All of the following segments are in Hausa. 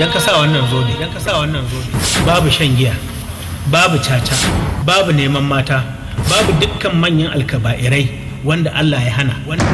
idan ka sa wannan zobe idan ka sa wannan zobe babu shan giya babu caca babu neman mata babu dukkan manyan alkaba'irai wanda Allah ya hana wanda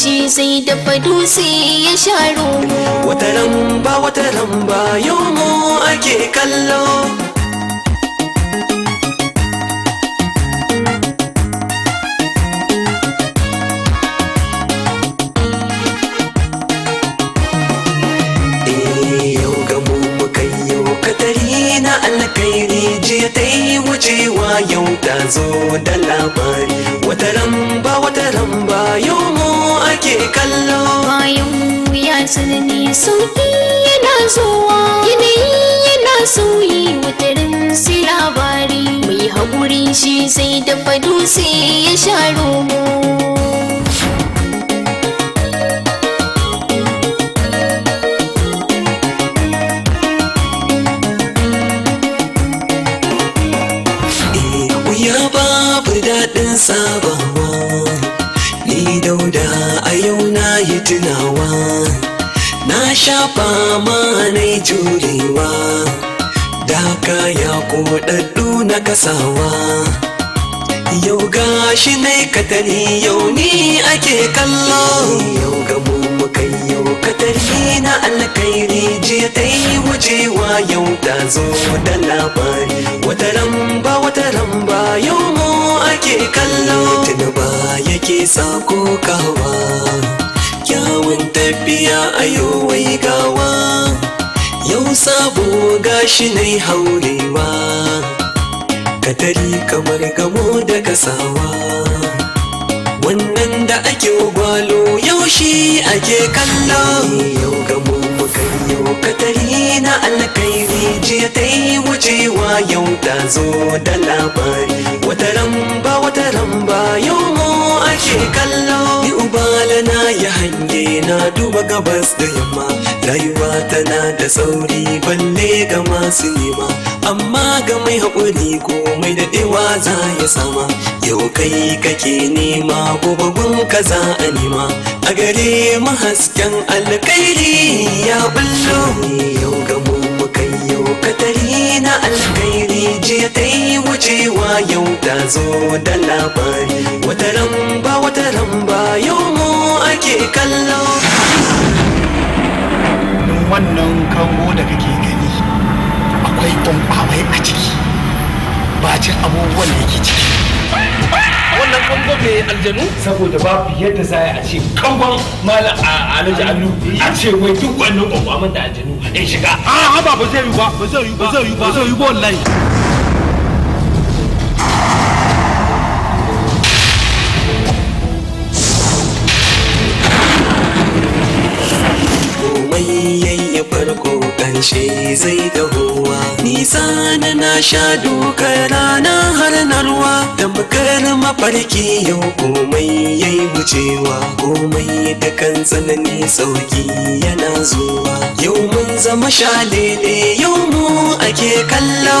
shi sai da sai ya sha romo wata ramba wata ramba yau mu ake kallo muke kallo bayan wuya tsanani sauki yana zuwa yanayi yana sauyi watarin sai labari mai haƙuri shi sai dafa dutse ya sha romo eh, sabon shafa mana jurewa da kaya kodaddu na kasawa yau gashi ne katari yau ni ake kallo yau gabo mukai yau katari na alkairi jiya ta yi wucewa yau ta zo da labari wata ramba wata ramba yau mu ake kallo tuni ba yake sako kawa kyawun tafiya a wai gawa yau sabo gashi ne haurewa katari kamar gamo da kasawa wannan da ake gwalo yau shi ake kallon alkairi jiya ta yi wucewa yau ta zo da labari wata ramba wata ramba yau mu ake kallo ni ubalana ya hange na duba gabas da yamma rayuwa tana da sauri balle ga masu nema amma ga mai haƙuri ko mai daɗewa za ya sama yau kai kake nema gobe gun ka za a nema a gare mahasken alkairi ya bullo yau ga zo da labari wata lamba wata lamba yau mu ake kallo wannan kango da kake gani akwai kwamfawai a ciki ba bacin abubuwan da ke ciki wannan kango mai aljanu saboda babu yadda za a ce kangon mala a alaji allu a ce wai duk wannan kwamfaman da aljanu in shiga a haba ba zai yi ba ba zai yi ba ba zai yi ba wallahi karshe zai dahowa nisa ni na sha duka rana har narwa ruwa da bukar mafarki yau komai ya yi wucewa komai da kan tsanani sauki yana zuwa yau mun zama shalele yau mu ake kallo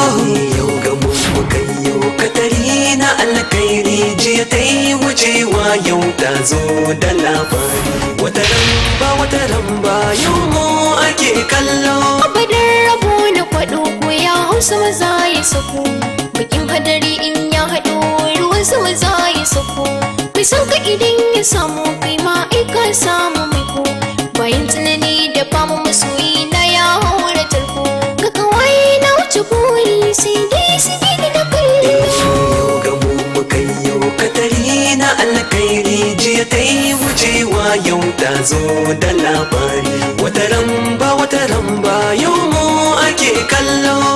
yau ga kai? yau katari na alkairi jiya ta yi wucewa yau ta zo da labari wata ramba wata ramba yau mu ake kallo. sama za ya sako bakin hadari in ya haɗo ruwan sama za ya sako mai san ka idan ya samu kai ma samu mai ko bayan tunani da fama masoyi na ya haura tarko ka kawai na wuce kori sai dai su gini na kare yau gamu mu kai yau katari na alkairi jiya ta yi wucewa yau ta zo da labari wata ramba wata ramba yau mu ake kallo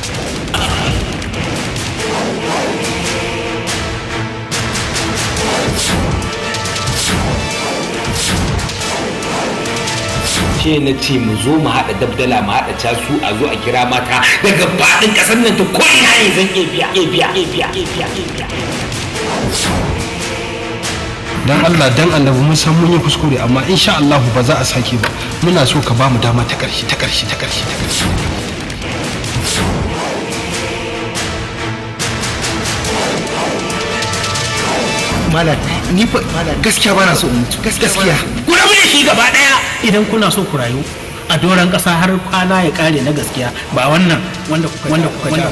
ce na ce mu zo mu haɗa dabdala mu haɗa casu a zo a kira mata daga faɗin ƙasar nan ta ko'ina ne zan iya biya iya biya iya biya iya biya dan Allah dan annabi mun san mun yi kuskure amma insha Allah ba za a sake ba muna so ka ba mu dama ta ƙarshe ta ƙarshe ta ƙarshe ta ƙarshe malam ni fa gaskiya bana so in mutu gaskiya da shi gaba ɗaya idan kuna so ku rayu a doron ƙasa har kwana ya kare na gaskiya ba wannan wanda kuka wanda kuka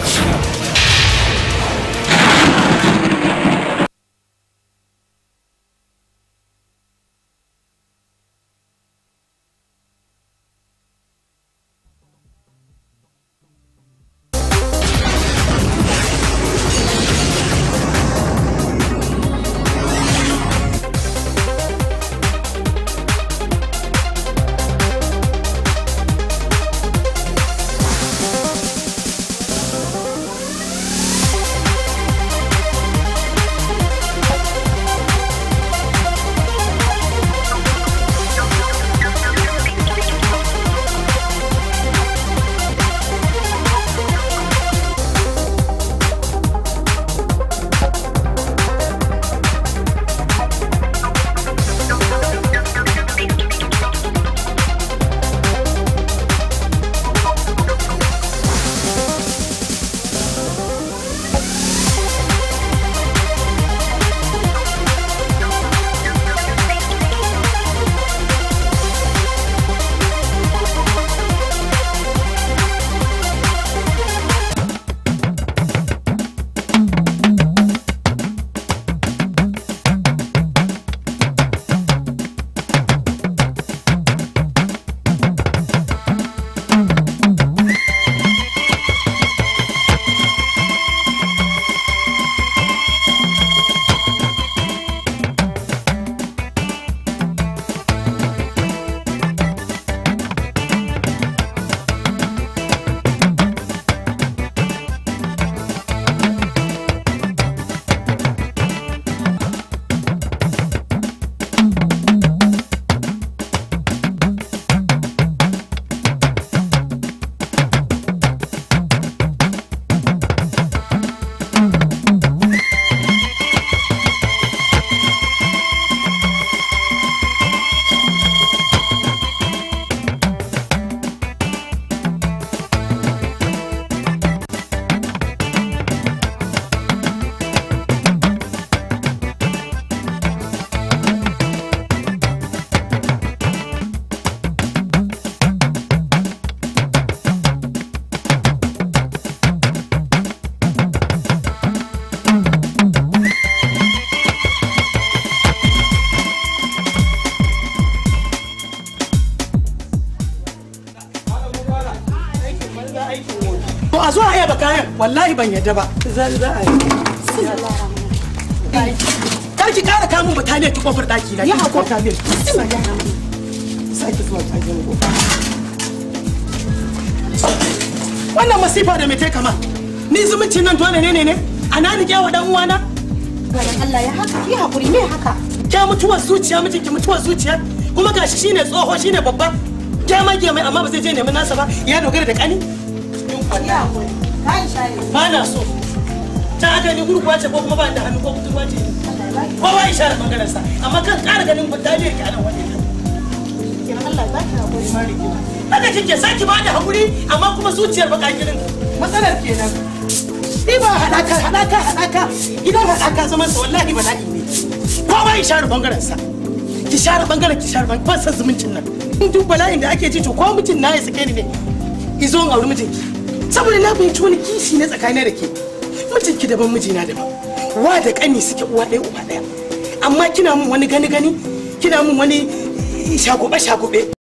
aikin wofi. To a zo a yaba kayan wallahi ban yadda ba. Zan za a yi. Kar ki kara kamun bataliya ki kofar daki na. Ya hako bataliya. Sake zuwa tajin gobe. Wannan masifa da mai tai kama. Ni zumuncin nan dole ne ne ne? A na nike wa dan uwana? Bayan Allah ya haka, ya hakuri me haka? Ke mutuwar zuciya mijinki mutuwar zuciya? Kuma gashi shine tsoho shine babba. Ke mage mai amma ba zai je neman nasa ba, ya dogara da kani? ba na so ta haka ni gurguwa ce ko kuma ba da hannu ko kuturwa ce ko ba ishara maganarsa amma kan ƙara ganin ba ta ne yake anan wani haka kike saki ba da hakuri amma kuma zuciyar baka kirin matsalar kenan ni ba hadaka hadaka hadaka idan hadaka zaman sa wallahi ba na'i ne ko ba ishara bangarensa ki share bangaren ki share bangaren ba san zumuncin nan duk bala'in da ake ci to ko mutum na ya sake ni ne izo in auri mijinki saboda na fahimci wani kishi na tsakanin da ke ki daban miji na daban wa da kani suke uwa ɗaya uba ɗaya amma kina mun wani gani gani kina mun wani shagobe shagobe